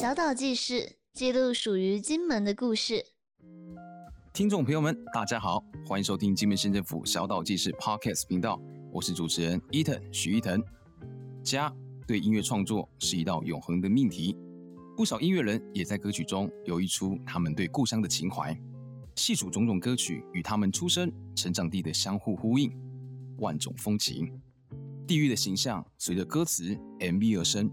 小島紀事記錄屬於金門的故事。聽眾朋友們，大家好，歡迎收聽金門縣政府小島紀事 Podcast 頻道，我是主持人 Eaton 許翼騰。家對音樂創作是一道永恆的命題，不少音樂人也在歌曲中流洩出他們對故鄉的情懷。細數種種歌曲與他們出生、成長地的相互呼應，萬種風情。地域的形象隨着歌詞 MV 而生。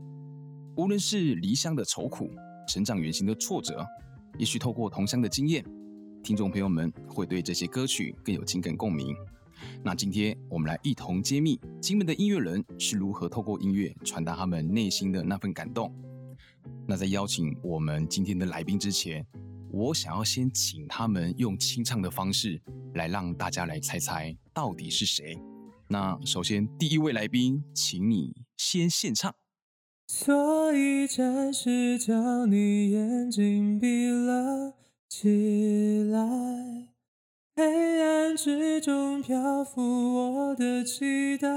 無論是離鄉的愁苦、成長遠行的挫折，也許透過同鄉的經驗，聽眾朋友們會對這些歌曲更有情感共鳴。那今天我們來一同揭秘，金門的音樂人是如何透過音樂傳達他們內心的那份感動。那在邀請我們今天的來賓之前，我想要先請他們用清唱的方式來讓大家來猜猜到底是誰。那首先第一位來賓，請你先獻唱。所以將暫時你眼睛閉了起來，黑暗之中漂浮我的期待，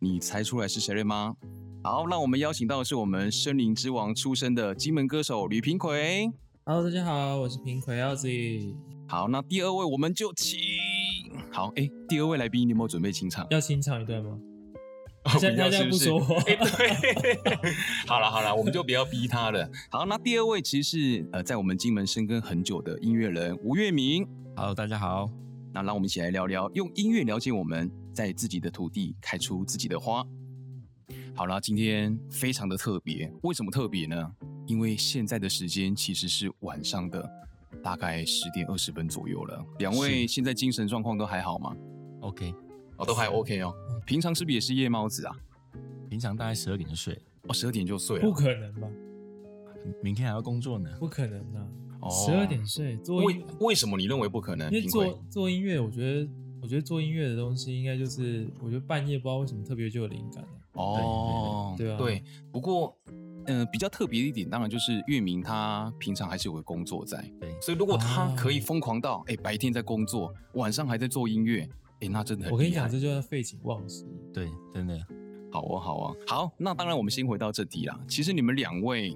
你猜出來是誰了嗎？好，那我們邀請到的是我們森林之王出身的金門歌手呂評逵。哈嘍，大家好，我是評逵 Ozzy。好，那第二位我們就請。好，誒、欸，第二位來賓，你有沒有準備清唱？要清唱一段嗎？大家不，不說話、欸。對， 好了好了，我們就不要逼他了。好，那第二位其實是呃，在我們金門深耕很久的音樂人吳岳旻。Hello，大家好。那讓我們一起來聊聊，用音樂了解我們，在自己的土地開出自己的花。好了，今天非常的特別，為什麼特別呢？因為現在的時間其實是晚上的，大概十點二十分左右了。兩位現在精神狀況都還好嗎？OK。哦，都還 OK 哦。平常是不是也是夜貓子啊？平常大概十二點就睡了。哦，十二點就睡了，不可能吧？明天還要工作呢。不可能啊！十、oh, 二點睡，做為為什麼你認為不可能？因為做做音樂，我覺得我覺得做音樂的東西，應該就是我覺得半夜不知道為什麼特別就有靈感哦、啊 oh,，對啊。對。不過，嗯、呃，比較特別一點，當然就是岳旻他平常還是有個工作在。所以如果他可以瘋狂到哎、oh, yeah. 欸、白天在工作，晚上還在做音樂。哎，那真的，我跟你講，這就是廢寢忘食。對，真的。好啊，好啊，好。那當然，我們先回到這題了。其實你們兩位，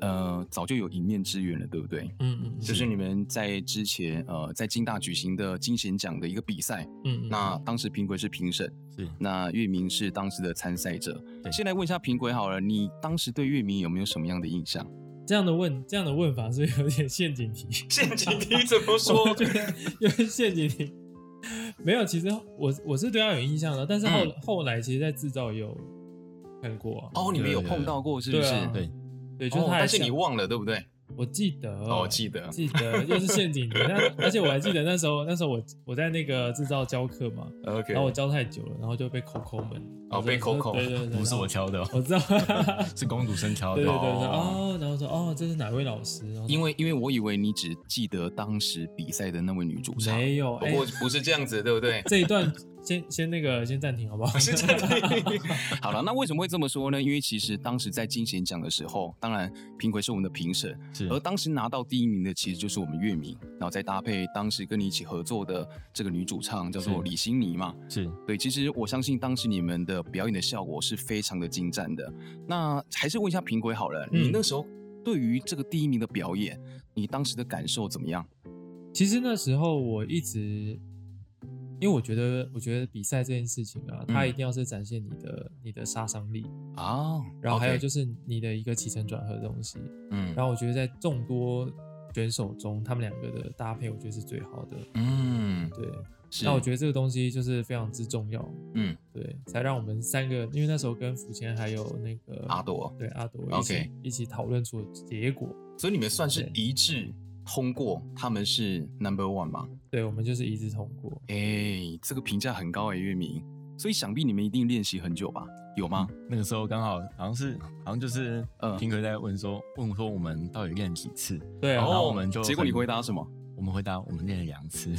呃，早就有一面之緣了，對不對？嗯嗯。就是你們在之前，呃，在金大舉行的金賢獎的一個比賽。嗯，那嗯，當時評逵是評審，是，那岳旻是當時的參賽者。對，先來問一下評逵好了，你當時對岳旻有沒有什麼樣的印象？這樣的問，這樣的問法是，是有點陷阱題。陷阱題怎麼說？對 有點陷阱題。沒有，其實我是我是對他有印象的，但是後、嗯、後來其實，在製造有看過、啊、哦，你們有碰到過是不是？對、啊、對，對，就是、哦、但是你忘了，對不對？我記得，我、哦、記得，記得又是陷阱的。 那而且我還記得那時候，那時候我我在那個制造教課嘛，Okay. 然後我教太久了，然後就被扣扣門，哦被扣扣，對對對，不是我敲的、哦，我知道 是公主生敲的， 對對對對哦然後說哦這是哪位老師？因為因為我以為你只記得當時比賽的那位女主持人，沒有，不、欸、過不是這樣子，對不對？這一段。 先先那個先暫停好不好？ 好了，那為什麼會這麼說呢？因為其實當時在金賢獎的時候，當然評委是我們的評審，是而當時拿到第一名的其實就是我們岳旻，然後再搭配當時跟你一起合作的這個女主唱叫做李欣妮嘛，是,是對，其實我相信當時你們的表演的效果是非常的精湛的。那還是問一下評委好了、嗯，你那時候對於這個第一名的表演，你當時的感受怎麼樣？其實那時候我一直。因為我覺得，我覺得比賽這件事情啊、嗯，它一定要是展現你的你的殺傷力啊、哦，然後還有就是你的一個起承轉合的東西。嗯，然後我覺得在眾多選手中，他們兩個的搭配，我覺得是最好的。嗯，對。是。那我覺得這個東西就是非常之重要。嗯，對。才讓我們三個，因為那時候跟付前還有那個阿朵，對阿朵一起、Okay. 一起討論出結果，所以你們算是一致通過他們是 number one 嗎？對，我們就是一致通過。哎、欸，這個評價很高哎、欸，岳旻。所以想必你們一定練習很久吧？有嗎？嗯、那個時候剛好好像是，好像就是，嗯，評逵在問說、嗯，問說我們到底練幾次？對、哦，然後我們就，結果你回答什麼？我們回答我們練了兩次。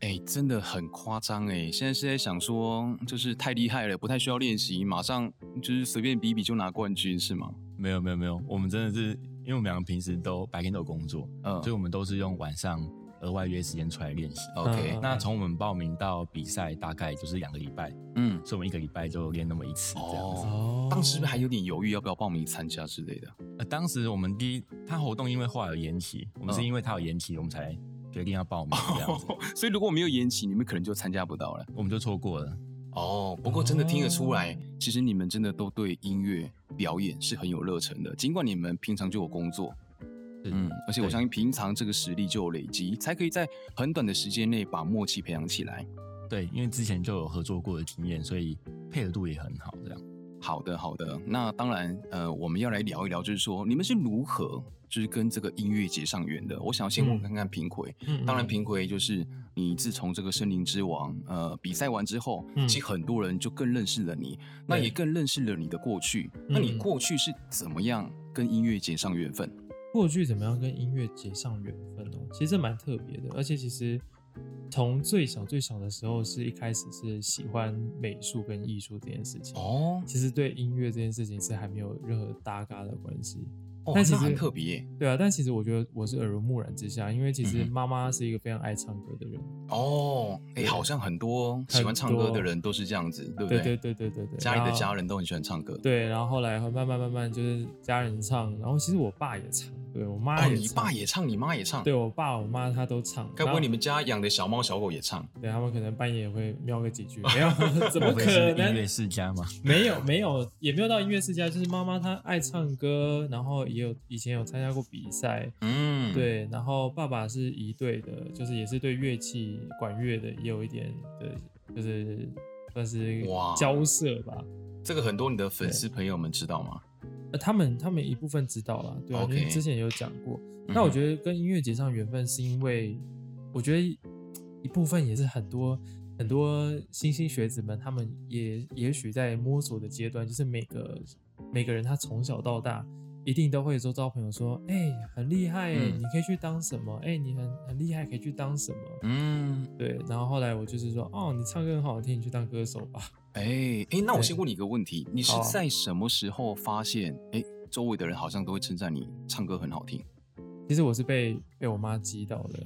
哎、 欸，真的很誇張哎！現在是在想說，就是太厲害了，不太需要練習，馬上就是隨便比比就拿冠軍是嗎？沒有沒有沒有，我們真的是。因為我們兩個平時都白天都有工作，嗯，所以我們都是用晚上額外約時間出來練習、嗯。OK，、嗯、那從我們報名到比賽大概就是兩個禮拜，嗯，所以我們一個禮拜就練那麼一次這樣子。哦、當時是不是還有點猶豫要不要報名參加之類的？呃、嗯，當時我們第一他活動因為畫有延期，我們是因為他有延期，我們才決定要報名這樣子、哦。所以如果沒有延期，你們可能就參加不到了，我們就錯過了。哦，不過真的聽得出來，嗯、其實你們真的都對音樂表演是很有熱忱的，儘管你們平常就有工作，嗯，而且我相信平常這個實力就有累積，才可以在很短的時間內把默契培養起來。對，因為之前就有合作過的經驗，所以配合度也很好這樣。好的，好的。那當然，呃，我們要來聊一聊，就是說你們是如何。就是跟這個音樂結上緣的。我想要先問看看評逵，嗯，當然評逵就是你自從這個森林之王、嗯、呃比賽完之後，嗯、其實很多人就更認識了你、嗯，那也更認識了你的過去。嗯、那你過去是怎麼樣跟音樂結上緣分？過去怎麼樣跟音樂結上緣分、喔、其實這蠻特別的，而且其實從最小最小的時候，是一開始是喜歡美術跟藝術這件事情哦，其實對音樂這件事情是還沒有任何搭嘎的關係。但其實、哦，很特別，對啊，但其實我覺得我是耳濡目染之下，因為其實媽媽是一個非常愛唱歌的人、嗯、哦、欸，好像很多喜歡唱歌的人都是這樣子，對不對？對，對對對對對對，家裡的家人都很喜歡唱歌，對，然後後來慢慢慢慢就是家人唱，然後其實我爸也唱。對我媽也唱、哦，你爸也唱，你媽也唱。對我爸、我媽，她都唱。該不會你們家養的小貓小狗也唱？對，他們可能半夜會喵個幾句。 沒有，怎麼可能？ 音樂世家嗎？沒有，沒有，也沒有到音樂世家。就是媽媽她愛唱歌，然後也有以前有參加過比賽。嗯，對。然後爸爸是一隊的，就是也是對樂器、管樂的，也有一點的，就是算是交涉吧哇。這個很多你的粉絲朋友們知道嗎？他們他們一部分知道了，對啊，我們，okay. 因為之前有講過。那我覺得跟音樂結上緣分是因為，我覺得一部分也是很多很多新興學子們，他們也也許在摸索的階段，就是每個每個人他從小到大。一定都會說，周遭朋友說，哎、欸，很厲害，嗯，你可以去當什麼？哎、欸，你很很厲害，可以去當什麼？嗯，對。然後後來我就是說，哦，你唱歌很好聽，你去當歌手吧。哎、欸、哎、欸，那我先問你一個問題，欸、你是在什麼時候發現，哎、欸，周圍的人好像都會稱讚你唱歌很好聽？其實我是被被我媽擊倒的。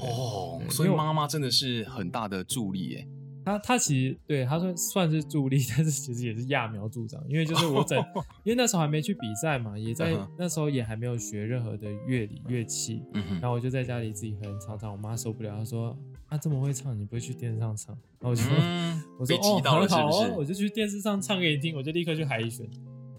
哦所，所以媽媽真的是很大的助力耶。他他其實對他說算是助力，但是其實也是揠苗助長，因為就是我在， 因為那時候還沒去比賽嘛，也在、uh -huh. 那時候也還沒有學任何的樂理樂器，uh -huh. 然後我就在家裡自己和人唱唱，我媽受不了，她說：“啊這麼會唱，你不會去電視上唱？”然後我就、嗯、我說：“我哦好是是哦我就去電視上唱給你聽。”我就立刻去海選。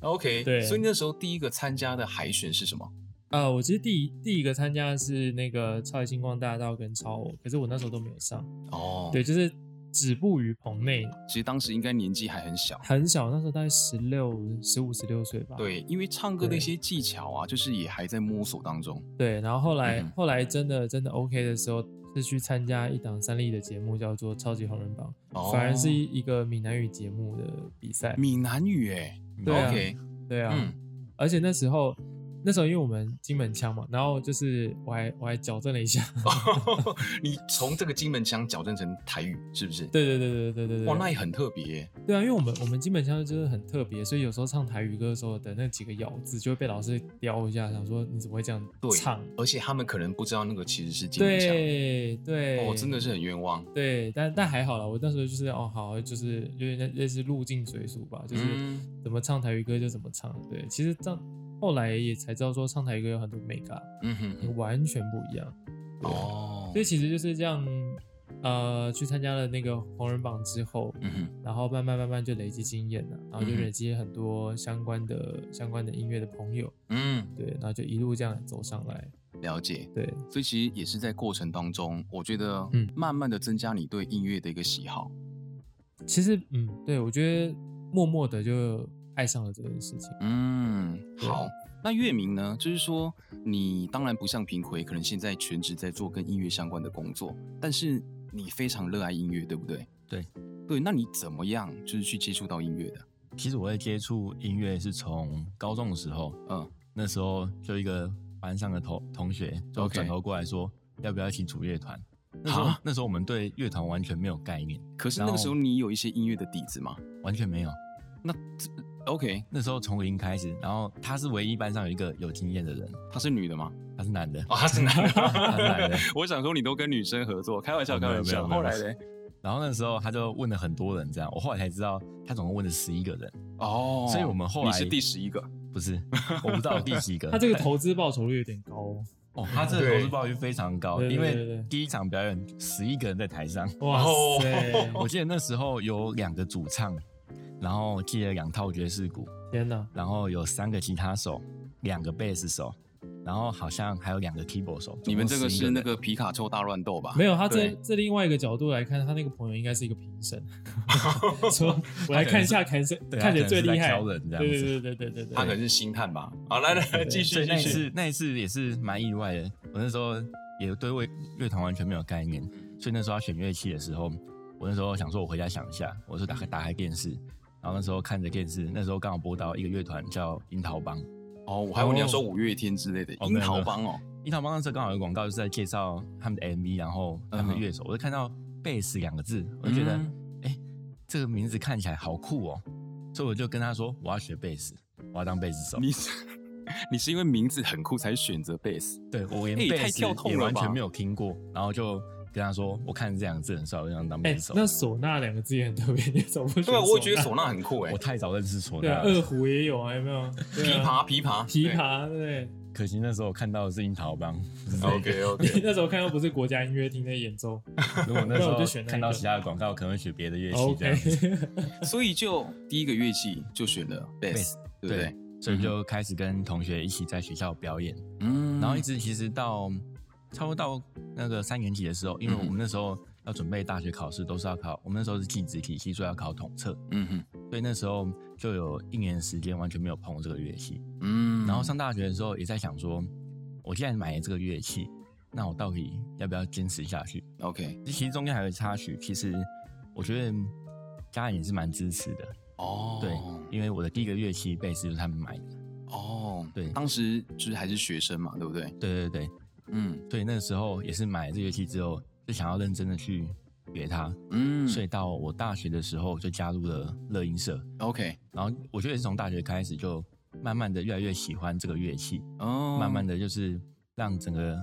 OK，對。所以那時候第一個參加的海選是什麼？啊、呃，我其實第一第一個參加的是那個超級星光大道跟超偶，可是我那時候都沒有上哦。Oh. 對，就是。止步於棚內，其實當時應該年紀還很小，很小，那時候大概十六、十五、十六歲吧。對，因為唱歌的那些技巧啊，就是也還在摸索當中。對，然後後來、嗯、後來真的真的 OK 的時候，是去參加一檔三立的節目，叫做《超級紅人榜》哦，反而是一個閩南語節目的比賽。閩南語，哎，對，對啊，OK 對啊，對啊，嗯，而且那時候。那時候因為我們金門腔嘛，然後就是我還我還矯正了一下 。 你從這個金門腔矯正成台語，是不是？對對對對對對，對，對。哇，那也很特別。對啊，因為我們我們金門腔就是很特別，所以有時候唱台語歌的時候的那幾個咬字就會被老師刁一下，想說你怎麼會這樣唱？對，而且他們可能不知道那個其實是金門腔。對對。哦，真的是很冤枉。對，但但還好啦，我那時候就是哦好，就是有點類似那、就是入境隨俗吧，就是、嗯、怎麼唱台語歌就怎麼唱。對，其實這樣。後來也才知道說唱台歌有很多美嘎，嗯哼嗯，完全不一樣哦。所以其實就是這樣，呃，去參加了那個紅人榜之後，嗯哼，然後慢慢慢慢就累積經驗了，然後就累積很多相關的、嗯、相關的音樂的朋友，嗯，對，然後就一路這樣走上來。了解，對，所以其實也是在過程當中，我覺得，嗯，慢慢的增加你對音樂的一個喜好、嗯。其實，嗯，對，我覺得默默的就。愛上了這件事情。嗯，好。那岳旻呢？就是說，你當然不像評逵，可能現在全職在做跟音樂相關的工作，但是你非常熱愛音樂，對不對？對，對。那你怎麼樣？就是去接觸到音樂的？其實我在接觸音樂是從高中的時候，嗯，那時候就一個班上的同同學就轉頭過來說，okay、要不要一起組樂團？那時候我們對樂團完全沒有概念。可是那個時候你有一些音樂的底子嗎？完全沒有。那這。OK，那時候從零開始，然後他是唯一班上有一個有經驗的人。他是女的嗎？他是男的。哦，他是男的，他、 啊、男的。 我想說，你都跟女生合作，開玩笑，啊、開玩笑。後來呢？然後那時候他就問了很多人，這樣我後來才知道，他總共問了十一個人。哦、oh，所以我們後來，你是第十一個？不是，我不知道第幾個。 他這個投資報酬率有點高哦。 哦，他這個投資報酬率非常高，對對對對對對，因為第一場表演十一個人在台上。哇哦！我記得那時候有兩個主唱。然後借了兩套爵士鼓，天吶，然後有三個吉他手，兩個貝斯手，然後好像還有兩個 keyboard 手個。你們這個是那個皮卡丘大亂鬥吧？沒有，他這這另外一個角度來看，他那個朋友應該是一個評審。 我來看一下，看誰，啊，看起來最厲害。對對對對對，對，對他可能是星探吧。對對對對對好，來來繼續繼續。那一次那一次也是蠻意外的。我那時候也對為樂團完全沒有概念，所以那時候要選樂器的時候，我那時候想說，我回家想一下。我說打開、嗯、打開電視。然後那時候看着電視，那時候剛好播到一個樂團叫櫻桃幫。哦、oh, oh,，我還以為你要說五月天之類的，櫻、oh, 桃幫哦、喔。櫻、oh, yeah, yeah. 桃幫那時候剛好有廣告，就是在介紹他們的 MV，然後他們的樂手，uh -huh. 我就看到貝斯兩個字，我就覺得，哎、mm -hmm. 欸，這個名字看起來好酷哦、喔，所以我就跟他說，我要學貝斯，我要當貝斯手。你是，你是因為名字很酷才選擇貝斯？對，我連貝斯也完全沒有聽過，然後就。跟他說，我看這兩個字很少，我想當歌手，欸。那嗩吶兩個字也很特別，你怎麼？不、欸、對，我也覺得嗩吶很酷誒、欸，我太早認識嗩吶。對、啊，二胡也有啊，有沒有對、啊？琵琶，琵琶，琵琶，對。可惜那時候看到的是櫻桃幫。OK OK。 那時候看到不是國家音樂廳在演奏。 如果那時候看到其他的廣告，我可能會學別的樂器這樣子。 o、okay、所以就第一個樂器就選了 Bass 對，對，對、嗯。所以就開始跟同學一起在學校表演，嗯，然後一直其實到。差不多到那個三年級的時候，因為我們那時候要準備大學考試，嗯，都是要考。我們那時候是技職體系，所以要考統測。嗯哼，所以那時候就有一年時間完全沒有碰過這個樂器。嗯，然後上大學的時候也在想說，我既然買了這個樂器，那我到底要不要堅持下去？OK，其實中間還有插曲。其實我覺得家人也是蠻支持的。哦，對，因為我的第一個樂器貝、哦、斯就是他們買的。哦，對，當時就是還是學生嘛，對不對？對對對、對。嗯，對，那個時候也是買了這樂器之後，就想要認真的去學它。嗯，所以到我大學的時候就加入了樂音社。OK，然後我覺得也是從大學開始就慢慢的越來越喜歡這個樂器，哦、oh.，慢慢的就是讓整個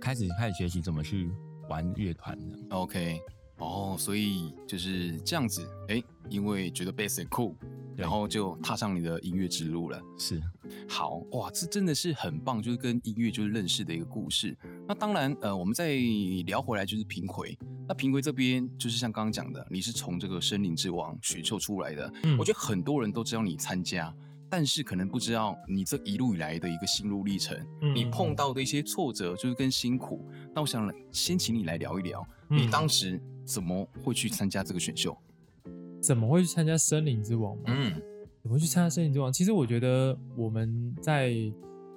開始開始學習怎麼去玩樂團的。OK。哦，所以就是這樣子，哎、欸，因為覺得 bass 很酷，然後就踏上你的音樂之路了。是，好哇，這真的是很棒，就是跟音樂就是認識的一個故事。那當然，呃，我們再聊回來就是評逵。那評逵這邊就是像剛剛講的，你是從這個森林之王選秀出來的、嗯，我覺得很多人都知道你參加，但是可能不知道你這一路以來的一個心路歷程、嗯，你碰到的一些挫折就是更辛苦。那我想先請你來聊一聊，嗯、你當時。怎麼會去參加這個選秀？怎麼會去參加《森林之王》嗎？嗯，怎麼去參加《森林之王》？其實我覺得我們在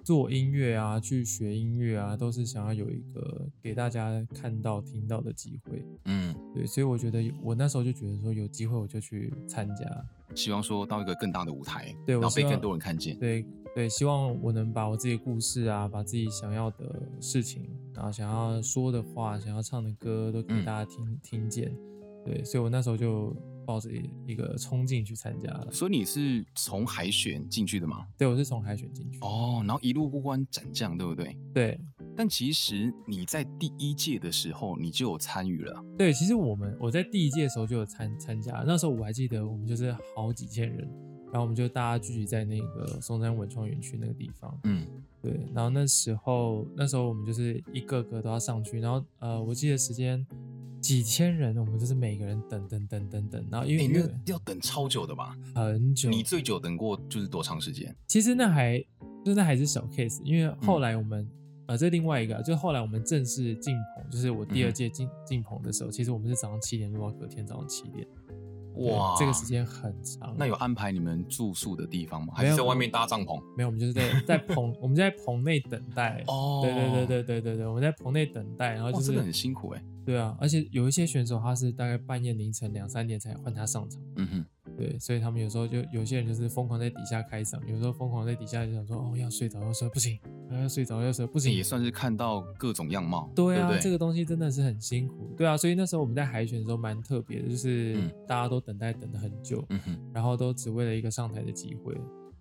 做音樂啊，去學音樂啊，都是想要有一個給大家看到、聽到的機會。嗯，對，所以我覺得我那時候就覺得說，有機會我就去參加。希望說到一個更大的舞台，對，然後被更多人看見。對對，希望我能把我自己的故事啊，把自己想要的事情，然後想要說的話，想要唱的歌，都給大家聽、嗯、聽見。對，所以我那時候就抱着一個衝勁去參加了。所以你是從海選進去的嗎？對，我是從海選進去。哦，然後一路過關斬將，對不對？對。但其實你在第一屆的時候，你就有參與了。對，其實我們我在第一屆的時候就有參參加了，那時候我還記得，我們就是好幾千人，然後我們就大家聚集在那個松山文創園區那個地方。嗯，對。然後那時候，那時候我們就是一個個都要上去，然後呃，我記得時間。幾千人，我們就是每個人等等等等等，然後因為、欸那個、要等超久的嘛，很久。你最久等過就是多長時間？其實那還就是那還是小 case，因為後來我們、嗯、呃，這另外一個就是後來我們正式進棚，就是我第二屆進進棚的時候，其實我們是早上七點錄到隔天早上七點，哇，這個時間很長。那有安排你們住宿的地方嗎？沒有還是在外面搭帳篷沒？沒有，我們就是在在棚， 我們就在棚內等待。哦，對對對對對對對，我們在棚內等待，然後就是真的很辛苦哎、欸。對啊，而且有一些選手他是大概半夜凌晨兩三點才換他上場。嗯哼，對，所以他們有時候就有些人就是瘋狂在底下開嗓，有時候瘋狂在底下就想說，哦要睡着要睡不行，啊、要睡着要睡不行。也算是看到各種樣貌，對啊對對，這個東西真的是很辛苦。對啊，所以那時候我們在海選的時候蠻特別的，就是大家都等待等了很久、嗯，然後都只為了一個上台的機會。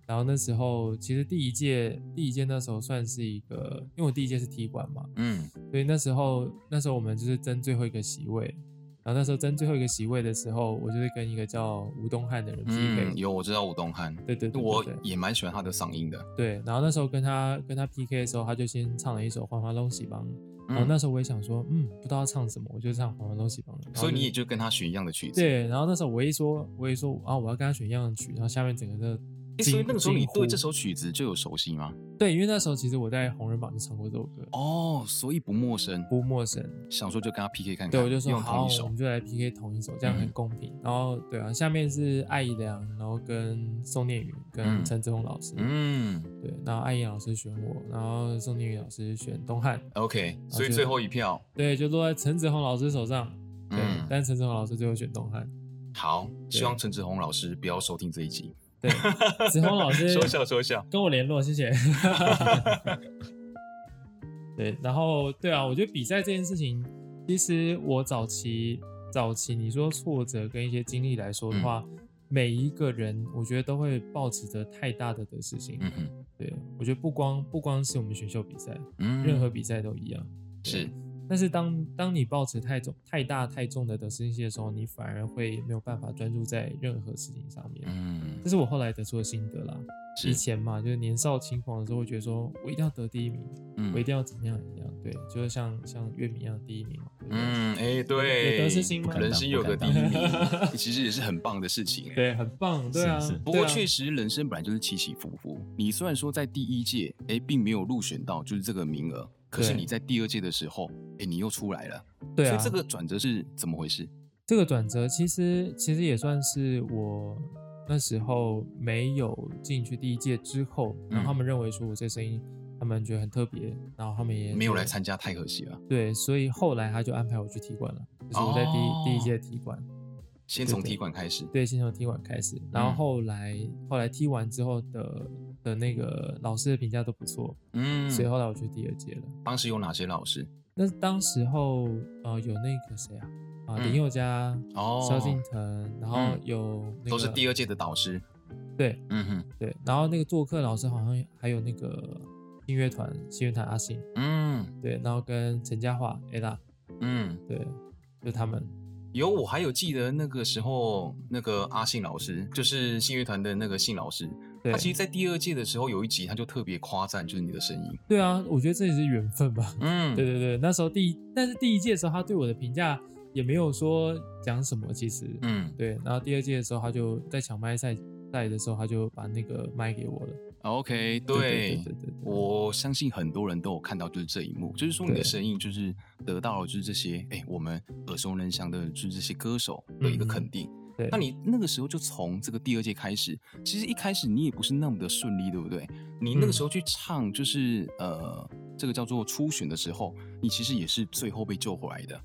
然後那時候其實第一屆第一屆那時候算是一個，因為我第一屆是踢館嘛，嗯，所以那時候那時候我們就是爭最後一個席位，然後那時候爭最後一個席位的時候，我就是跟一個叫吳東漢的人 PK，、嗯、有我知道吳東漢，對對對，對對對，我也蠻喜歡他的嗓音的，對，然後那時候跟他跟他 PK 的時候，他就先唱了一首《花花東西幫》，然後那時候我也想說，嗯，不知道他唱什麼，我就唱《花花東西幫》，所以你也就跟他選一樣的曲子，對，然後那時候我一說，我一說，我一說啊，我要跟他選一樣的曲，然後下面整個的。欸、所以那個時候你對這首曲子就有熟悉嗎？對，因為那時候其實我在紅人榜就唱過這首歌。哦、oh，所以不陌生，不陌生。想說就跟他 PK 看看。對，我就說好，我們就來 PK 同一首，這樣很公平。嗯、然後，對啊，下面是艾怡良，然後跟宋念宇跟陳志宏老師。嗯，對，然後艾怡老師選我，然後宋念宇老師選東漢。OK，所以最後一票，對，就落在陳志宏老師手上。對，嗯、但陳志宏老師最後選東漢。好，希望陳志宏老師不要收聽這一集。 對，子峰老師，說笑說笑，跟我聯絡，謝謝。 對，然後對啊，我覺得比賽這件事情，其實我早期早期你說挫折跟一些經歷來說的話，嗯，每一個人我覺得都會抱持着太大的得失心，嗯。對，我覺得不光不光是我們選秀比賽，嗯，任何比賽都一樣。對。但是，當當你抱持太重太大太重的得失心息的時候，你反而會沒有辦法專注在任何事情上面。嗯，這是我後來得出的心得啦。是以前嘛，就是年少輕狂的時候，我覺得說我一定要得第一名，嗯、我一定要怎麼樣怎麼樣。對，就是像像岳旻一樣第一名嘛。對對嗯，哎、欸，對，得失心，人生有個第一名， 其實也是很棒的事情。對，很棒，對啊。是是對啊，不過確實，人生本來就是起起伏伏。你雖然說在第一屆，哎、欸，並沒有入選到就是這個名額。可是你在第二屆的時候，哎、欸，你又出來了，對啊。所以這個轉折是怎麼回事？這個轉折其實其實也算是我那時候沒有進去第一屆之後，然後他們認為說我這聲音、嗯，他們覺得很特別，然後他們也沒有來參加，太可惜了。對，所以後來他就安排我去踢館了，就是我在第、哦、第一屆踢館，先從踢館開始。對，先從踢館開始，然後後來、嗯、後來踢完之後的，的那個老師的評價都不錯，嗯，所以後來我去第二屆了。當時有哪些老師？那當時候，呃，有那個誰啊，啊、嗯呃，林宥嘉、蕭敬騰，然後有、那個嗯、都是第二屆的導師，對，嗯哼，對。然後那個做客老師好像還有那個音樂團新樂團阿信，嗯，對。然後跟陳嘉樺 e l 嗯，對，就他們有我還有記得那個時候那個阿信老師，就是信樂團的那個信老師。他其實，在第二屆的時候，有一集他就特別誇讚，就是你的聲音。對啊，我覺得這也是緣分吧。嗯，對對對，那時候第一，但是第一屆的時候，他對我的評價也沒有說講什麼，其實，嗯，對。然後第二屆的時候，他就在搶麥賽賽的時候，他就把那個麥給我了。OK，對對對，對，對對對，我相信很多人都有看到，就是這一幕，就是說你的聲音就是得到了就是這些，哎，我們耳熟能詳的就是這些歌手的一個肯定。嗯嗯那你那個時候就從這個第二屆開始，其實一開始你也不是那麼的順利，對不對？你那個時候去唱就是，嗯，呃，這個叫做初選的時候，你其實也是最後被救回來的。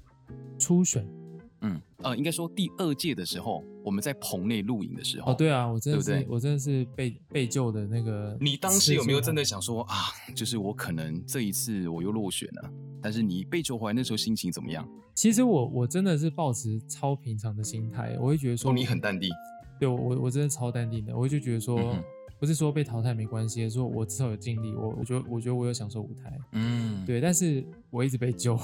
初選。嗯，呃，應該說第二屆的時候，我們在棚內錄影的時候，哦，對啊，我真的是，對對我真的是被被救的那個。你當時有沒有真的想說啊，啊，就是我可能這一次我又落選了？但是你被救回來那時候心情怎麼樣？其實我我真的是抱持超平常的心態，我會覺得說、哦、你很淡定，對我我我真的超淡定的，我就覺得說、嗯、不是說被淘汰沒關係，說我至少有盡力，我我覺得我覺得我有享受舞台，嗯，對，但是。我一直被揪，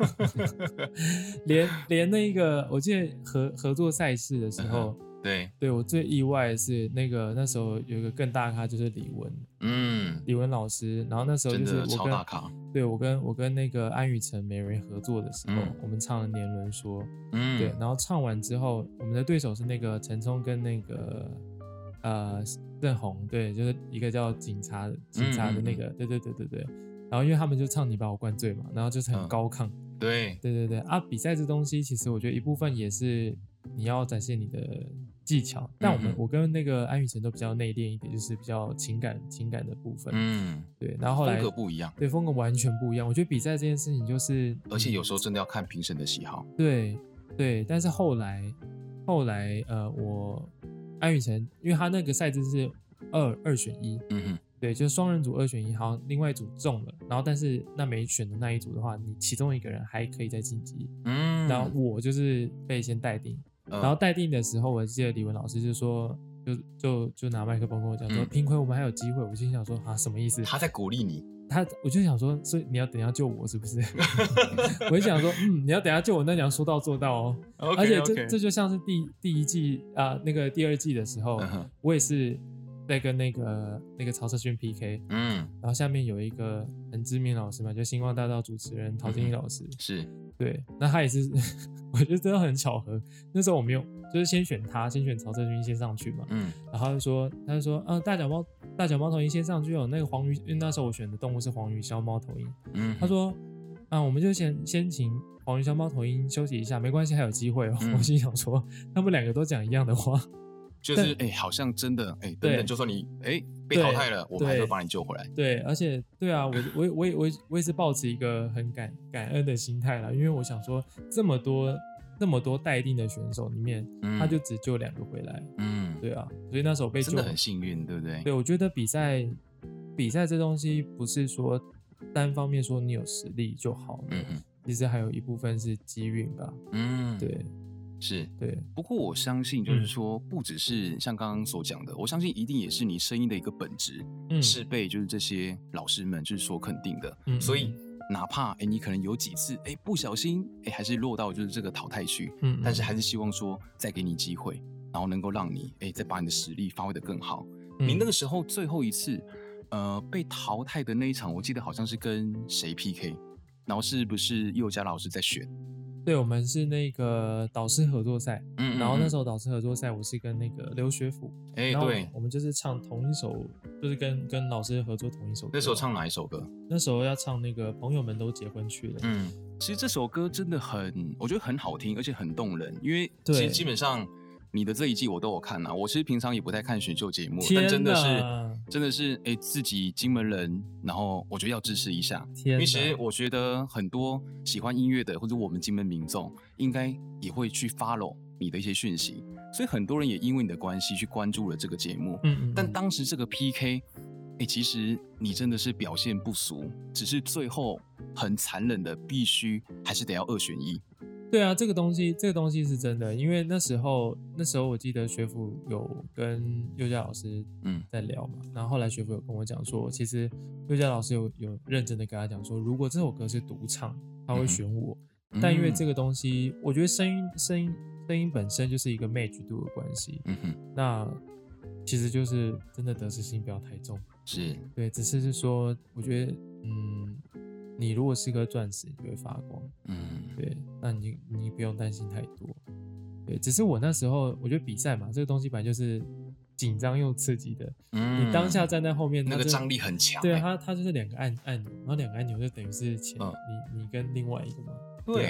連連那個，我記得合合作賽事的時候，嗯、對，對我最意外的是那個，那時候有一個更大咖就是李玟，嗯，李玟老師，然後那時候就是我跟對我跟我跟那個安雨辰美人合作的時候，嗯、我們唱了《年輪說》，嗯，對，然後唱完之後，我們的對手是那個陳聰跟那個呃鄧紅，對，就是一個叫警察警察的那個、嗯，對對對對對。然後因為他們就唱你把我灌醉嘛，然後就是很高亢。嗯、對，對對對對啊！比賽這東西，其實我覺得一部分也是你要展現你的技巧。但我們嗯嗯我跟那個安雨辰都比較內斂一點，就是比較情感情感的部分。嗯，對。然後後來風格不一樣，對風格完全不一樣。我覺得比賽這件事情就是，而且有時候真的要看評審的喜好。嗯、對對，但是後來後來呃，我安雨辰，因為他那個賽制是二二選一。嗯哼、嗯。對，就是雙人組二選一，好像，另外一組中了，然後但是那沒選的那一組的話，你其中一個人還可以再晉級。嗯，然後我就是被先待定、嗯，然後待定的時候，我記得李文老師就說，就就就拿麥克風跟我講說，評、嗯、逵我們還有機會。我心想說啊，什麼意思？他在鼓勵你。他，我就想說，所以你要等一下救我是不是？ 我就想說，嗯，你要等一下救我，那你要說到做到哦。Okay, 而且這、okay. 這就像是第第一季啊、呃，那個第二季的時候，uh -huh. 我也是。在跟那個那個曹則勳 PK，嗯，然後下面有一個很知名老師嘛，就星光大道主持人陶晶瑩老師，嗯、是對，那他也是， 我覺得真的很巧合。那時候我沒有，就是先選他，先選曹則勳先上去嘛，嗯，然後他就說，他就說，嗯、呃，大腳貓大腳貓頭鷹先上去，有那個黃魚，因為那時候我選的動物是黃魚、小貓頭鷹，嗯，他說，啊、呃，我們就先先請黃魚、小貓頭鷹休息一下，沒關係，還有機會哦。嗯、我心想說，他們兩個都講一樣的話。就是哎、欸，好像真的哎、欸，等等，對，就說你哎、欸、被淘汰了，我還會把你救回來。對，而且對啊，我我我也我也是抱持一個很感感恩的心態啦，因為我想說這麼多那麼多待定的選手裡面，他就只救兩個回來。嗯，對啊，所以那時候被救真的很幸運，對不對？對，我覺得比賽比賽這東西不是說單方面說你有實力就好的，嗯，其實還有一部分是機運吧。嗯，對。是對，不過我相信，就是說，不只是像剛剛所講的、嗯，我相信一定也是你聲音的一個本質、嗯，是被就是這些老師們就是所肯定的。嗯，所以哪怕哎你可能有幾次哎不小心哎還是落到就是這個淘汰區，嗯，但是還是希望說再給你機會，然後能夠讓你哎再把你的實力發揮得更好、嗯。你那個時候最後一次呃被淘汰的那一場，我記得好像是跟誰 PK，然後是不是宥嘉老師在選？對，我們是那個導師合作賽，嗯，嗯，嗯，然後那時候導師合作賽，我是跟那個劉學府，哎、欸，對，我們就是唱同一首，就是跟跟老師合作同一首。那時候唱哪一首歌？那時候要唱那個《朋友們都結婚去了》。嗯，其實這首歌真的很，我覺得很好聽，而且很動人，因為其實基本上。你的這一季我都有看啊，我其實平常也不太看選秀節目，但真的是，真的是，誒、欸、自己金門人，然後我覺得要支持一下。其實我覺得很多喜歡音樂的或者我們金門民眾，應該也會去 follow 你的一些訊息，所以很多人也因為你的關係去關注了這個節目。嗯嗯。但當時這個 PK，哎、欸，其實你真的是表現不俗，只是最後很殘忍的，必須還是得要二選一。對啊，這個東西，這個東西是真的，因為那時候，那時候我記得學府有跟幼教老師，嗯，在聊嘛、嗯，然後後來學府有跟我講說，其實幼教老師有有認真的跟他講說，如果這首歌是獨唱，他會選我、嗯，但因為這個東西，嗯、我覺得聲音，聲音，聲音本身就是一個 match 度的關係、嗯，那其實就是真的得失心不要太重，是對，只是是說，我覺得，嗯。你如果是顆鑽石，你就會發光。嗯，對，那你你不用擔心太多。對，只是我那時候我覺得比賽嘛，這個東西本來就是緊張又刺激的。嗯。你當下站在後面，那個張力很強欸。對啊，它它就是兩個按按鈕，然後兩個按鈕就等於是前，嗯，你你跟另外一個嘛。對。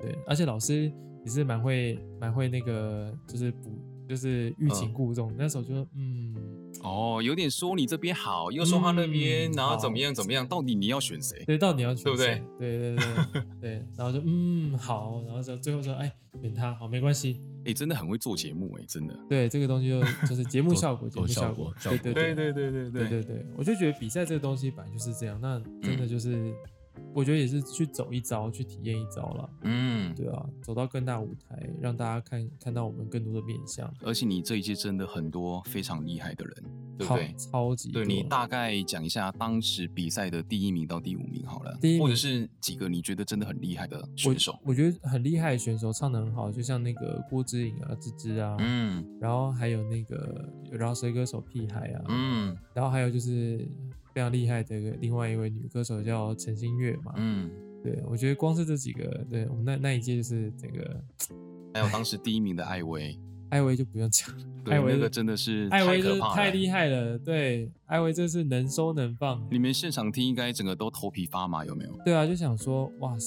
對，對，而且老師也是蠻會蠻會那個就是補，就是補就是欲擒故縱。那時候就說嗯。哦，有點說你這邊好，又說他那邊，嗯，然後怎麼樣怎麼樣？到底你要選誰？對，到底要選誰？對不對？對對對對 對，然後就嗯好，然後說最後說哎，欸，選他好沒關係。哎，欸，真的很會做節目哎，欸，真的。對，這個東西就是、就是節目效果，節目效果，效，果對對對對效果。對對對對對對對對，對對對，我就覺得比賽這個東西本來就是這樣，那真的就是。嗯我覺得也是去走一遭，去體驗一遭了。嗯，對啊，走到更大舞台，讓大家看看到我們更多的面相。而且你這一屆真的很多非常厲害的人，對不對？超級。對，你大概講一下當時比賽的第一名到第五名好了，第一名，或者是幾個你覺得真的很厲害的選手。我，我覺得很厲害的選手唱得很好，就像那個郭志穎啊，芝芝啊，嗯，然後還有那個然後饒舌歌手屁孩啊，嗯，然後還有就是。非常厲害的另外一位女歌手叫陳心月嘛，嗯，嗯，對，我覺得光是這幾個，對，我們那那一屆就是這個，還有當時第一名的艾薇。艾薇就不用講，艾薇那個真的是太可怕、太厲害了。對，艾薇真是能收能放。你們現場聽，應該整個都頭皮發麻，有沒有？對啊，就想說，哇塞，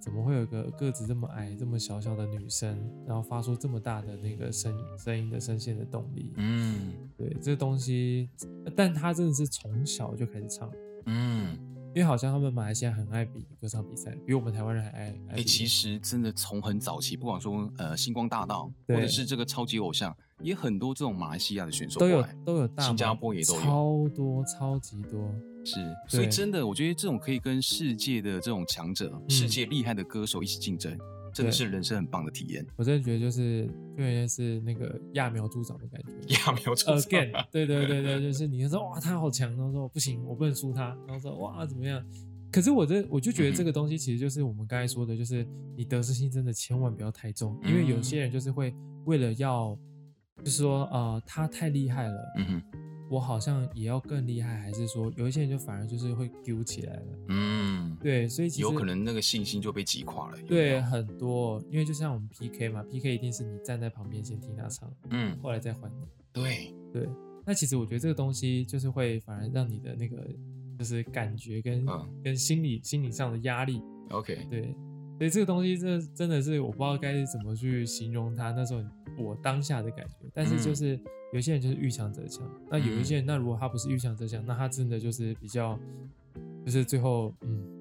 怎麼會有個個子這麼矮、這麼小小的女生，然後發出這麼大的那個聲音聲音的聲線的動力？嗯，對，這東西，但她真的是從小就開始唱。嗯。因為好像他們馬來西亞很愛比歌唱比賽，比我們台灣人還愛。哎、欸，其實真的從很早期，不管說呃星光大道，或者是這個超級偶像，也很多這種馬來西亞的選手過來，都有，都有，新加坡也都有超多，超級多，是。所以真的，我覺得這種可以跟世界的這種強者、嗯、世界厲害的歌手一起競爭。真的是人生很棒的體驗，我真的覺得就是，對，是那個揠苗助長的感覺。揠苗助長。Again，對對對對， 就是你說哇，他好強，然後說不行，我不能輸他，然後說哇怎麼樣？可是我這我就覺得這個東西其實就是我們剛才說的，就是你得失心真的千萬不要太重，嗯、因為有些人就是會為了要，就是說啊、呃，他太厲害了、嗯，我好像也要更厲害，還是說有一些人就反而就是會丟起來了，嗯。對，所以其實有可能那個信心就被擊垮了有沒有。對，很多，因為就像我們 P K 嘛，P K 一定是你站在旁邊先聽他唱，嗯，後來再還你。對對。那其實我覺得這個東西就是會反而讓你的那個就是感覺跟、嗯、跟心理心理上的壓力。OK。對，所以這個東西這真的是我不知道該怎麼去形容它那時候我當下的感覺。但是就是有些人就是遇強則強，那有一些人那如果他不是遇強則強，那他真的就是比較就是最後嗯。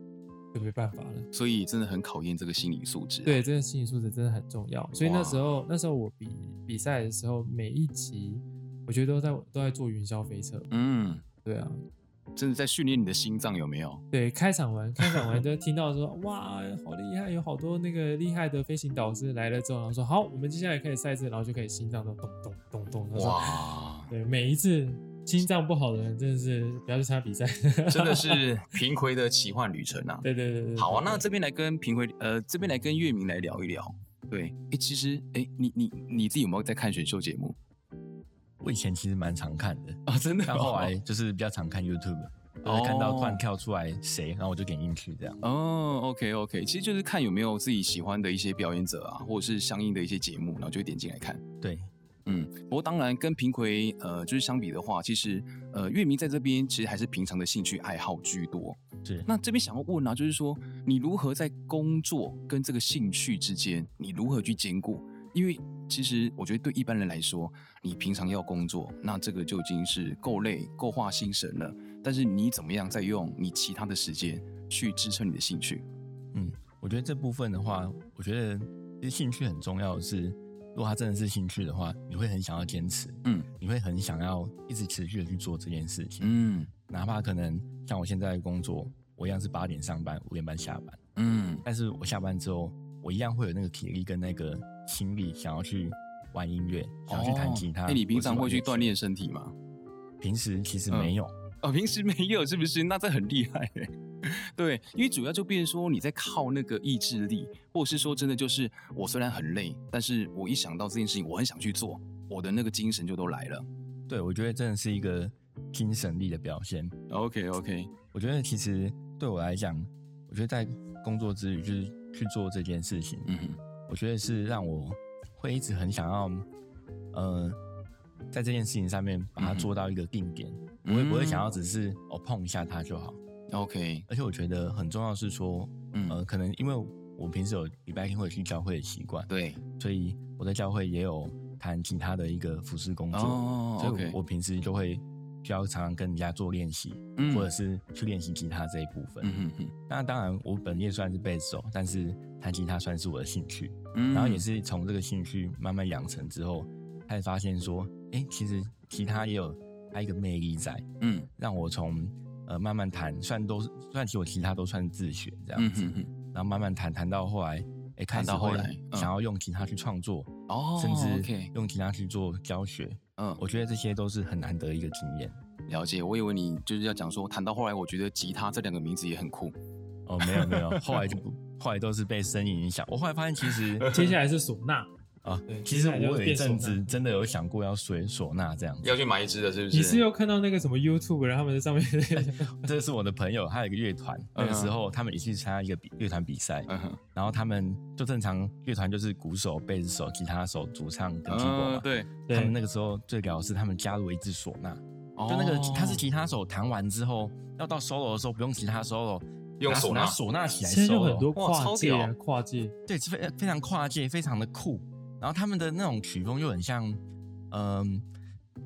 就沒辦法了，所以真的很考驗這個心理素質啊。對，這個心理素質真的很重要。所以那時候，那時候我比比賽的時候，每一集我覺得都在都在坐雲霄飛車。嗯，對啊，真的在訓練你的心臟有沒有？對，開場完，開場完就聽到說 哇，好厲害，有好多那個厲害的飛行導師來了之後，然後說好，我們接下來可以賽制，然後就可以心臟咚咚咚咚咚，咚。哇，對，每一次。心臟不好的人真的是不要去參加比賽，真的是評逵的奇幻旅程啊！ 對對,對對對好啊，那這邊來跟評逵，呃，這邊來跟岳旻來聊一聊。對，哎、欸，其實，哎、欸，你你你自己有沒有在看選秀節目？我以前其實蠻常看的啊、哦，真的、哦。然後就是比較常看 YouTube，、哦、然後看到突然跳出來誰，然後我就點進去這樣。哦，OK OK，其實就是看有沒有自己喜歡的一些表演者啊，或者是相應的一些節目，然後就會點進來看。對。嗯，不過當然跟評逵呃，就是相比的話，其實呃岳旻在這邊其實還是平常的興趣愛好居多。是，那這邊想要問呢、啊，就是說你如何在工作跟這個興趣之間，你如何去兼顧？因為其實我覺得對一般人來說，你平常要工作，那這個就已經是夠累、夠花心神了。但是你怎麼樣再用你其他的時間去支撐你的興趣？嗯，我覺得這部分的話，我覺得其實興趣很重要的是。如果他真的是興趣的話，你會很想要堅持，嗯，你會很想要一直持續的去做這件事情，嗯，哪怕可能像我現在的工作，我一樣是八點上班，五點半下班，嗯，但是我下班之後，我一樣會有那個體力跟那個心力，想要去玩音樂、哦，想要去彈吉他。那、欸、你平常會去鍛鍊身體嗎？平時其實沒有，嗯、哦，平時沒有是不是？那這很厲害、欸對，因為主要就變成說你在靠那個意志力，或是說真的就是我雖然很累，但是我一想到這件事情，我很想去做，我的那個精神就都來了。對，我覺得真的是一個精神力的表現。OK OK，我覺得其實對我來講，我覺得在工作之餘就是去做這件事情，嗯哼，我覺得是讓我會一直很想要，呃，在這件事情上面把它做到一個定點，不會不會想要只是我碰一下它就好。OK，而且我覺得很重要是說、嗯，呃，可能因為我平時有禮拜天會去教會的習慣，對，所以我在教會也有彈吉他的一個服事工作，oh, okay. 所以，我平時就會需要常常跟人家做練習、嗯，或者是去練習吉他這一部分。嗯哼哼。那當然，我本業算是貝斯手，但是彈吉他算是我的興趣，嗯、然後也是從這個興趣慢慢養成之後，開始發現說，哎、欸，其實吉他也有它一個魅力在，嗯，讓我從。呃，慢慢彈，算都算起，我吉他都算自學這樣子，嗯、哼哼然後慢慢彈，彈到後來，看到後來，想要用吉他去創作、嗯，哦，甚至用吉他去做教學、哦 okay，嗯，我覺得這些都是很難得一個經驗。了解，我以為你就是要講說，彈到後來，我覺得吉他這兩個名字也很酷。哦，沒有沒有，後來就 後來都是被聲音影響，我後來發現其實接下來是嗩吶。啊、哦，其實我有一陣子真的有想過要學嗩吶，這樣子要去買一支的，是不是？你是有看到那個什麼 YouTube，然後他們在上面。這是我的朋友，他有一個樂團、嗯啊，那個時候他們一起參加一個樂團比賽、嗯，然後他們就正常樂團就是鼓手、貝斯手、吉他手、主唱等基本。對，他們那個時候最屌的是他們加入了一支嗩吶、哦，就那個他是吉他手，彈完之後要到 solo 的時候，不用吉他 solo，用嗩吶嗩吶起來其實就很多跨界、啊哇超屌啊，跨界，對，非非常跨界，非常的酷。然後他們的那種曲風又很像，嗯、呃，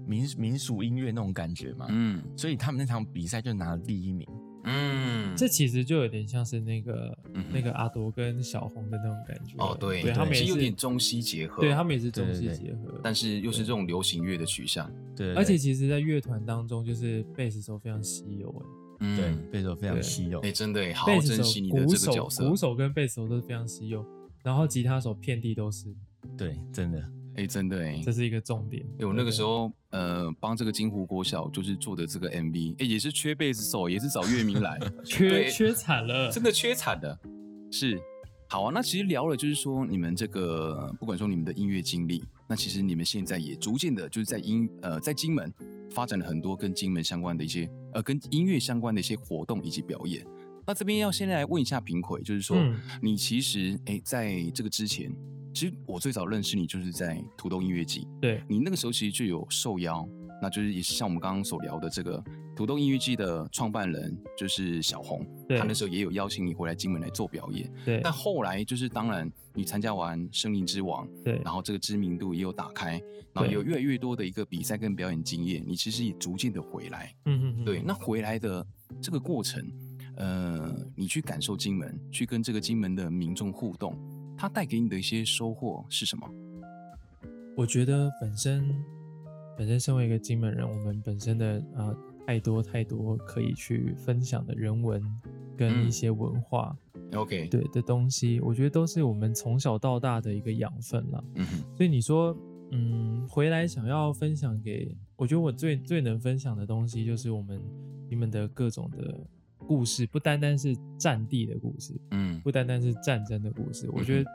民民俗音樂那種感覺嘛。嗯，所以他們那場比賽就拿了第一名。嗯，這其實就有點像是那個、嗯、那個阿朵跟小紅的那種感覺。哦，對，對對對，他們也是有點中西結合。對他們也是中西結合對對對，但是又是這種流行樂的取向。對，對而且其實，在樂團當中，就是貝斯手非常稀有。嗯，對，貝斯手非常稀有。哎、欸，真的，好好珍惜你的這個角色。鼓手、鼓手跟貝斯手都是非常稀有，然後吉他手遍地都是。對，真的，哎、欸，真的，欸，哎，這是一個重點。哎，我那個時候，啊、呃，幫這個金湖國小就是做的這個 MV，哎、欸，也是缺貝斯手，也是找岳旻來， 缺缺慘了，真的缺慘的，是。好啊，那其實聊了，就是說你們這個，不管說你們的音樂經歷，那其實你們現在也逐漸的，就是在音，呃，在金門發展了很多跟金門相關的一些，呃，跟音樂相關的一些活動以及表演。那這邊要先來問一下評逵，就是說，嗯、你其實，哎、欸，在這個之前。其實我最早認識你就是在《土豆音樂季》，對你那個時候其實就有受邀，那就是也是像我們剛剛所聊的這個《土豆音樂季》的創辦人就是小紅。對，他那時候也有邀請你回來金門來做表演。對。但後來就是當然你參加完《生命之王》，對，然後這個知名度也有打開，然後有越來越多的一個比賽跟表演經驗，你其實也逐漸的回來。嗯嗯。對，那回來的這個過程，呃，你去感受金門，去跟這個金門的民眾互動。它帶給你的一些收穫是什麼？我覺得本身本身身為一個金門人，我們本身的，啊、呃，太多太多可以去分享的人文跟一些文化，嗯，OK，對的東西，我覺得都是我們從小到大的一個養分了。嗯哼，所以你說，嗯，回來想要分享給，我覺得我最最能分享的東西就是我們金門的各種的。故事不單單是戰地的故事，嗯，不單單是戰爭的故事，嗯。我覺得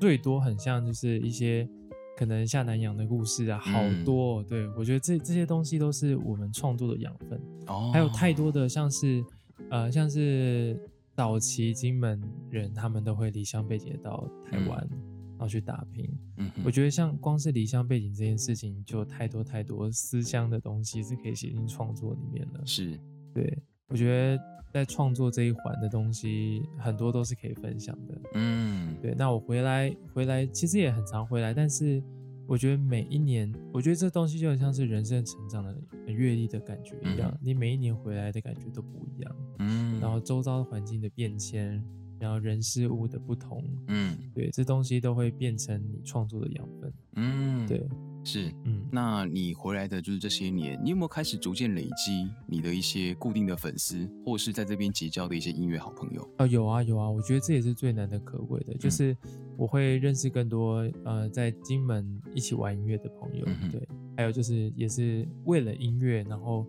最多很像就是一些可能下南洋的故事啊，好多，哦嗯。對，我覺得這這些東西都是我們創作的養分。哦，還有太多的像是呃，像是早期金門人他們都會離鄉背井到台灣，嗯，然後去打拼。嗯，我覺得像光是離鄉背景這件事情，就太多太多思鄉的東西是可以寫進創作裡面的。是，對我覺得。在創作這一環的東西，很多都是可以分享的。嗯，對。那我回來，回來其實也很常回來，但是我覺得每一年，我覺得這東西就很像是人生成長的閱歷的感覺一樣，你、嗯、每一年回來的感覺都不一樣。嗯，然後周遭環境的變遷，然後人事物的不同，嗯，對，這東西都會變成你創作的養分。嗯，對。是，嗯，那你回來的就是這些年，你有沒有開始逐漸累積你的一些固定的粉絲，或是在這邊結交的一些音樂好朋友啊？哦，有啊，有啊，我覺得這也是最難能可貴的，就是我會認識更多，呃，在金門一起玩音樂的朋友，嗯，對，還有就是也是為了音樂，然後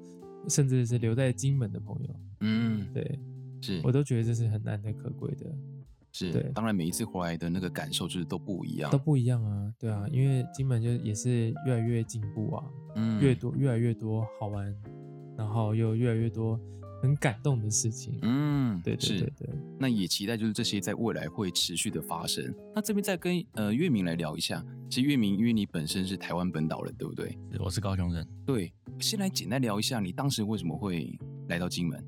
甚至是留在金門的朋友，嗯，對，是，我都覺得這是很難能可貴的。是，當然每一次回來的那個感受就是都不一樣，都不一樣啊，對啊，因為金門就也是越來越進步啊，嗯，越多越來越多好玩，然後又越來越多很感動的事情啊，嗯，對，對，對，是，對，對，對，那也期待就是這些在未來會持續的發生。那這邊再跟呃岳旻來聊一下，其實岳旻因為你本身是台灣本島人，對不對？我是高雄人。對，先來簡單聊一下你當時為什麼會來到金門？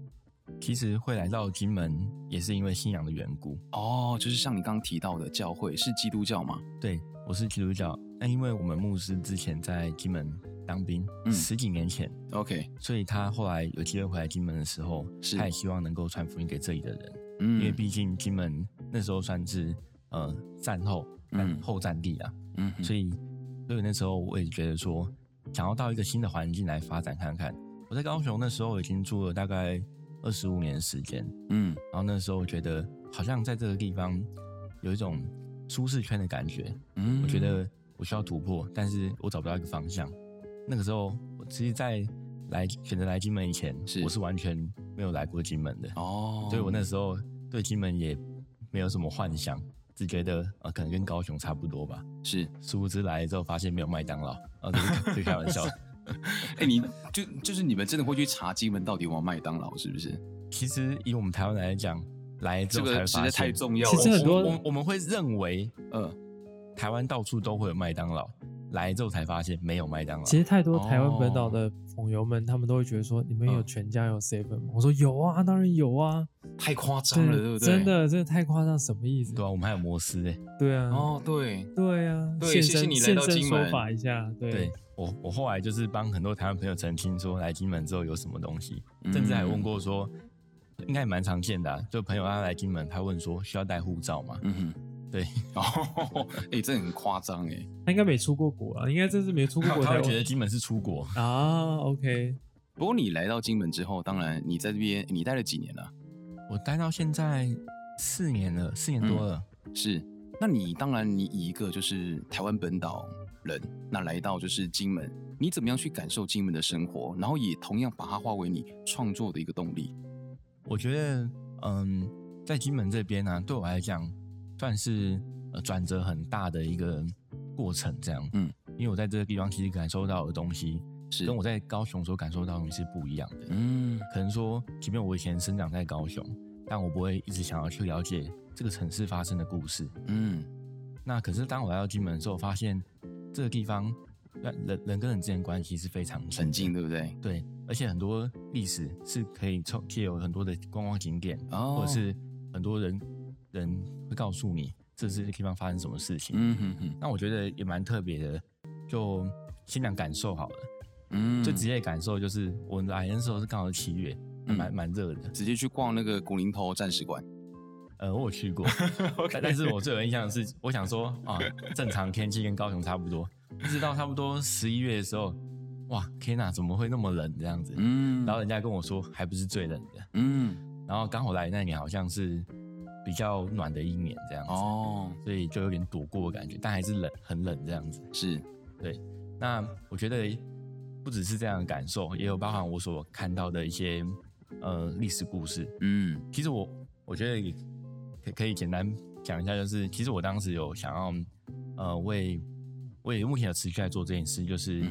其實會來到金門也是因為信仰的緣故哦，oh, 就是像你剛剛提到的教會是基督教嗎？對，我是基督教。那因為我們牧師之前在金門當兵，嗯、十幾年前，OK，所以他後來有機會回來金門的時候，是他也希望能夠傳福音給這裡的人，嗯，因為畢竟金門那時候算是呃戰後後戰地啊，嗯，所以，嗯、所以那時候我也覺得說想要到一個新的環境來發展看看。我在高雄那時候已經住了大概。二十五年的時間，嗯，然後那時候我覺得好像在這個地方有一種舒適圈的感覺，嗯，我覺得我需要突破，但是我找不到一個方向。那個時候，我其實，在來選擇來金門以前是，我是完全沒有來過金門的，哦，所以我那時候對金門也沒有什麼幻想，只覺得啊、呃，可能跟高雄差不多吧。是，殊不知來了之後發現沒有麥當勞，啊、就是，最 開玩笑。 哎、 欸，你就就是你們真的會去查金門到底有，沒有麥當勞是不是？其實以我們台灣來講，來之後才發現這個實在太重要。其實很多我我，我們會認為，嗯，台灣到處都會有麥當勞，來之後才發現沒有麥當勞。其實太多台灣本島的朋友們，哦、他們都會覺得說，你們有全家有 seven 嗎、嗯？我說有啊，當然有啊，太誇張了對，對不對？真的，真的太誇張，什麼意思？對啊，我們還有摩斯哎，對啊，哦，對，對啊對，現身對，謝謝你來到金門說法一下，對。對我我後來就是幫很多台灣朋友澄清說來金門之後有什麼東西，嗯、甚至還問過說應該蠻常見的、啊，就朋友他來金門，他問說需要帶護照嗎？嗯哼，對，然、哦、後、欸、這很誇張哎， 他應該沒出過國啊，應該真是沒出過國，他，他會覺得金門是出國啊。OK，不過你來到金門之後，當然你在這邊你待了幾年了？我待到現在四年了，四年多了。嗯、是，那你當然你以一個就是台灣本島人那來到就是金門，你怎麼樣去感受金門的生活，然後也同樣把它化為你創作的一個動力。我覺得，嗯，在金門這邊呢、啊，對我來講算是呃、轉折很大的一個過程，這樣。嗯，因為我在這個地方其實感受到的東西，是跟我在高雄所感受到的東西是不一樣的嗯。嗯，可能說，即便我以前生長在高雄，但我不會一直想要去了解這個城市發生的故事。嗯，那可是當我來到金門之後，發現。這個地方，人人跟人之間關係是非常親近、近，對不對？對，而且很多歷史是可以充借、藉由很多的觀光景點，哦、或者是很多人人會告訴你，這是地方發生什麼事情。嗯哼哼。那我覺得也蠻特別的，就先講感受好了。嗯。最直接的感受就是，我來的、Ion、時候是剛好是七月，嗯、還蠻蠻熱的，直接去逛那個古寧頭戰史館。呃、嗯，我去過、 okay 但，但是我最有印象的是，我想說啊，正常天氣跟高雄差不多，一直到差不多十一月的時候，哇，Kenna 怎麼會那麼冷這樣子？嗯，然後人家跟我說，還不是最冷的，嗯，然後剛好來那年好像是比較暖的一年這樣子，哦，所以就有點躲過的感覺，但還是冷，很冷這樣子，是，對，那我覺得不只是這樣的感受，也有包含我所看到的一些呃歷史故事，嗯，其實我我覺得。可以簡單講一下，就是其實我當時有想要，呃，為為目前的持續來做這件事，就是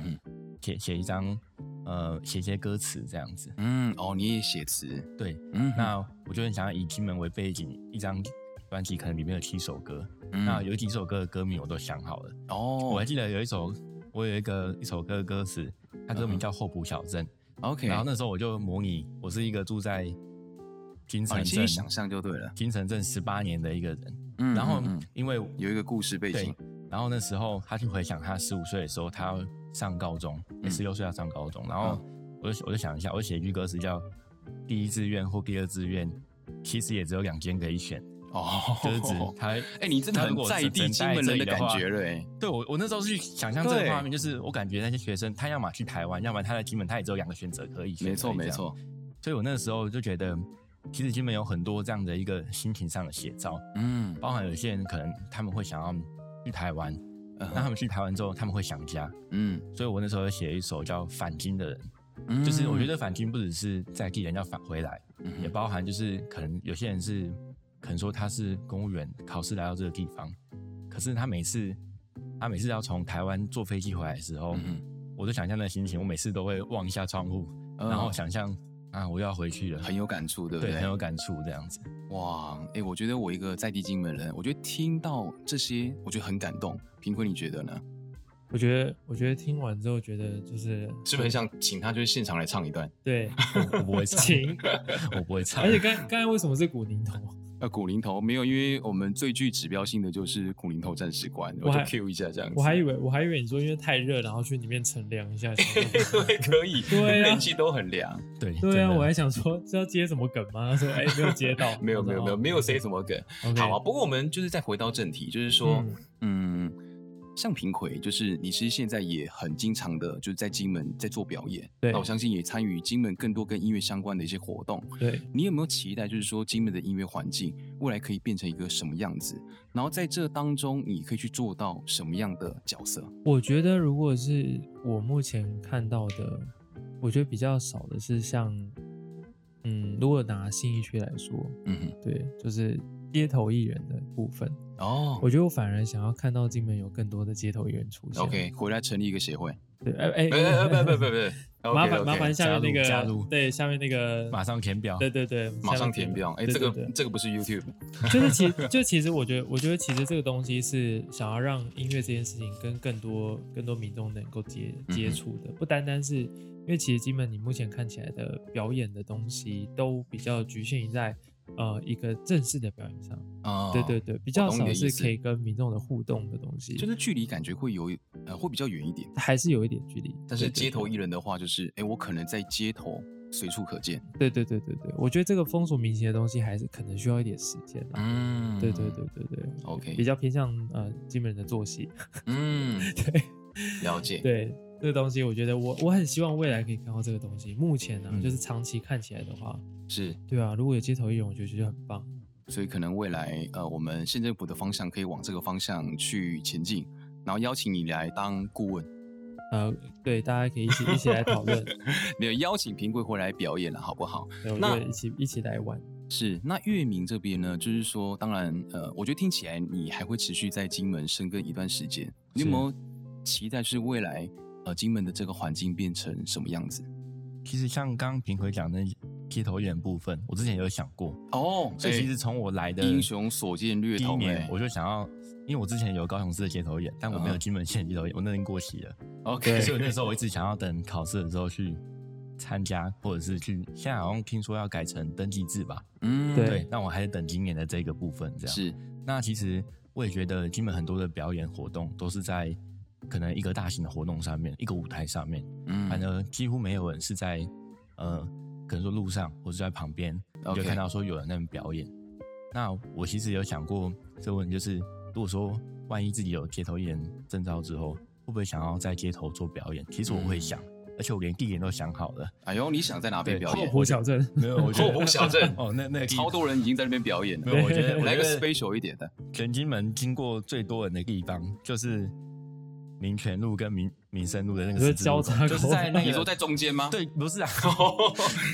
寫寫一張，呃，寫一些歌詞這樣子。嗯，哦，你也寫詞？對，嗯，那我就很想要以金門為背景，一張專輯可能裡面有七首歌，嗯。那有幾首歌的歌名我都想好了。哦，我還記得有一首，我有一個一首歌的歌詞，它歌名叫《後埔小鎮》。OK，然後那時候我就模擬，我是一個住在。金城鎮，啊、你想象就對了。金城鎮十八年的一個人，嗯，然後因為有一個故事背景，然後那時候他就回想他十五歲的時候，他要上高中，十六歲要上高中，然後我就、嗯、我就想一下，我寫一句歌詞叫“第一志願或第二志願”，其實也只有兩間可以選哦。就是指他哎，欸、你真的很在地金門，的金門人的感覺了。對，我我那時候去想象這個畫面，就是我感覺那些學生，他要麼去台灣，要不然他在金門，他也只有兩個選擇可以、選，可以沒錯沒錯，所以我那時候就覺得。其實今天有很多這樣的一個心情上的寫照，嗯，包含有些人可能他們會想要去台灣，那、uh -huh. 他們去台灣之後他們會想家，嗯、uh -huh.，所以我那時候寫一首叫《返金的人》，uh -huh. 就是我覺得返金不只是在地人要返回來，uh -huh. 也包含就是可能有些人是可能說他是公務員考試來到這個地方，可是他每次他每次要從台灣坐飛機回來的時候，uh -huh. 我都想象那個心情，我每次都會望一下窗戶，uh -huh. 然後想象。啊，我又要回去了，很有感觸，對不對，對？很有感觸，這樣子。哇，哎、欸，我覺得我一個在地金門人，我覺得聽到這些，我覺得很感動。評逵，你覺得呢？我覺得，我覺得聽完之後，覺得就是是不是很想請他就是現場來唱一段？對，我不會唱，我不會唱。 會唱 而且剛，剛剛為什麼是古寧頭？古靈頭沒有，因為我們最具指標性的就是古靈頭戰士官，我就 Q 一下這樣子我。我還以為我還以為你說因為太熱，然後去裡面乘涼一下，對， 可以，對啊，空氣都很涼，對，對啊。我還想說是要接什麼梗嗎？還 沒有接到， 沒，有沒有沒有沒有沒有誰什麼梗。Okay. 好啊，不過我們就是再回到正題，就是說，嗯。嗯像評逵就是你其實現在也很經常的，就是在金門在做表演，對，我相信也參與金門更多跟音樂相關的一些活動。對，你有沒有期待，就是說金門的音樂環境未來可以變成一個什麼樣子？然後在這當中，你可以去做到什麼樣的角色？我覺得，如果是我目前看到的，我覺得比較少的是像，嗯，如果拿信義區來說，嗯哼，對，就是。街頭藝人的部分哦，oh, 我覺得我反而想要看到金門有更多的街頭藝人出現。OK，回來成立一個協會。對，哎哎不不不不，不不不不不不不 okay, okay, 麻煩麻煩下面那個，對下面那個，馬上填表。對對對，馬上填表。哎、欸，這個對對對這個不是 YouTube，就是其實就其實我覺得我覺得其實這個東西是想要讓音樂這件事情跟更多更多民眾能夠接接觸的、嗯，不單單是因為其實金門你目前看起來的表演的東西都比較局限在。呃，一個正式的表演上，啊、嗯，對對對，比較少是可以跟民眾的互動的東西，就是距離感覺會有，呃，會比較遠一點，還是有一點距離。但是街頭藝人的話，就是，哎，我可能在街頭隨處可見。對對對對對，我覺得這個風俗民情的東西還是可能需要一點時間、啊、嗯對，對對對對對，對，OK。比較偏向呃基本人的作息。嗯， 對，了解。對這個東西，我覺得我我很希望未來可以看到這個東西。目前呢、啊嗯，就是長期看起來的話。是對啊，如果有街頭藝人，我就覺得就很棒。所以可能未來，呃，我們縣政府的方向可以往這個方向去前進，然後邀請你來當顧問。呃，對，大家可以一起一起來討論。 沒有邀請評逵回來表演了，好不好？那一起一起來玩。是，那岳旻這邊呢，就是說，當然，呃，我覺得聽起來你還會持續在金門深耕一段時間。你有沒有期待，是未來呃金門的這個環境變成什麼樣子？其實像剛剛評逵講的。街頭演部分，我之前有想過哦，oh, 所以其實從我來的第一年，英雄所見略同、欸。我就想要，因為我之前有高雄市的街頭演，但我沒有金門縣街頭演，uh -huh. 我那邊過期了。OK，所以我那時候我一直想要等考試的時候去參加，或者是去。現在好像聽說要改成登記制吧？嗯，對。那我還是等今年的這個部分這樣。是。那其實我也覺得金門很多的表演活動都是在可能一個大型的活動上面，一個舞台上面，嗯，反正幾乎沒有人是在呃。可能說路上或者在旁邊，然後就看到說有人在那邊表演。Okay. 那我其實有想過這問就是如果說萬一自己有街頭藝人證照之後，會不會想要在街頭做表演？其實我會想，嗯、而且我連地點都想好了。哎呦，你想在哪邊表演？後湖小鎮沒有我覺得。後湖小鎮 哦，那那個，超多人已經在那邊表演了。沒有我覺得 我來個 special 一點的，全金門經過最多人的地方就是。民權路跟民民生路的那個、就是、交叉口，就是在那個你說、那個、在中間嗎？對，不是啊，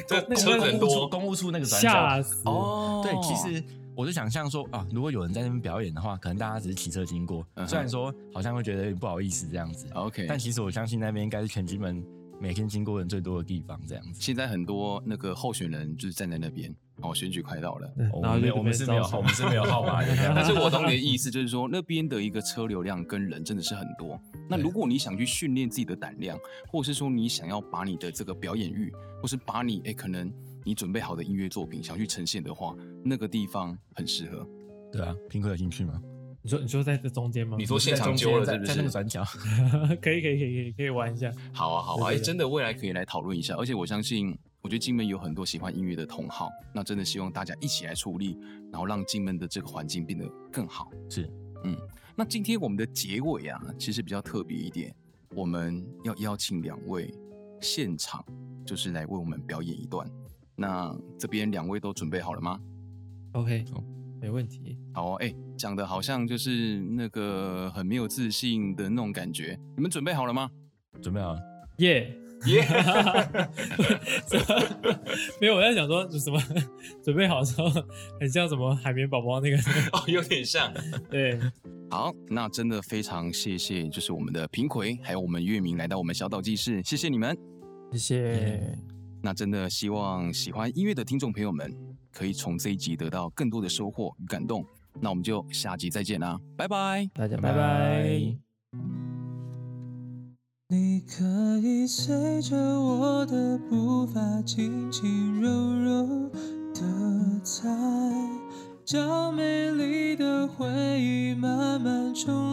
這 就 車很多、那個公，公務處那個轉角，哦，對，其實我就想象說啊，如果有人在那邊表演的話，可能大家只是騎車經過，嗯、雖然說好像會覺得不好意思這樣子，OK，、嗯、但其實我相信那邊應該是全金門每天經過人最多的地方，這樣子。現在很多那個候選人就是站在那邊。哦，選舉快到了、嗯那我了哦，我們是沒有，我們是沒有號碼的、 啊。但是我懂你的意思，就是說那邊的一個車流量跟人真的是很多。那如果你想去訓練自己的膽量，或者是說你想要把你的這個表演慾，或是把你哎、欸、可能你準備好的音樂作品想去呈現的話，那個地方很適合。對啊，評逵有興趣嗎？你說你說在這中間嗎？你說現場揪了在、在、在那個轉角 可，可以可以可以可以可以玩一下。好啊好啊，對對對哎真的未來可以來討論一下，而且我相信。我覺得金門有很多喜歡音樂的同好，那真的希望大家一起來出力，然後讓金門的這個環境變得更好。是，嗯，那今天我們的結尾啊，其實比較特別一點，我們要邀請兩位現場，就是來為我們表演一段。那這邊兩位都準備好了嗎？OK，哦，沒問題。好哦，欸，講的好像就是那個很沒有自信的那種感覺。你們準備好了嗎？準備好了。耶！Yeah！耶、yeah！ 沒有，我在想說什麼，準備好之後，很像什麼海綿寶寶那個哦、oh，有點像。 對，好，那真的非常謝謝，就是我們的評逵還有我們岳旻，來到我們小島記事，謝謝你們，謝謝。 那真的希望喜歡音樂的聽眾朋友們，可以從這一集得到更多的收穫與感動。那我們就下集再見啦，拜拜，大家拜拜。Bye bye 你可以隨着我的步伐，輕輕柔柔的踩，將美麗的回憶慢慢重。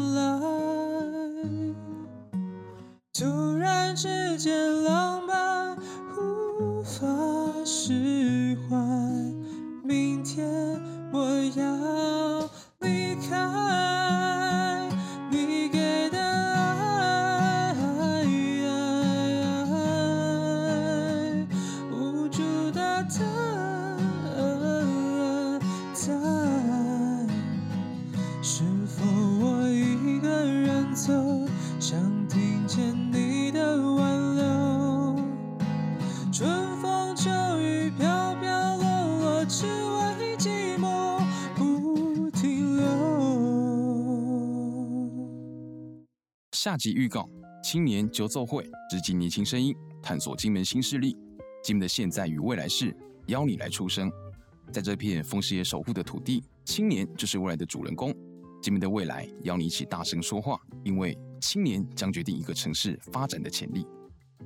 集預告：青年揪做夥，直擊年輕聲音，探索金門新勢力。金門的現在與未來事，邀你來出聲。在這片風獅爺守護的土地，青年就是未來的主人公。金門的未來，邀你一起大聲說話，因為青年將決定一個城市發展的潛力。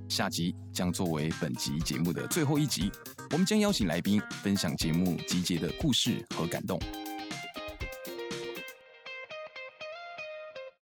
下集將作為本集節目的最後一集，我們將邀請來賓分享節目集結的故事和感動。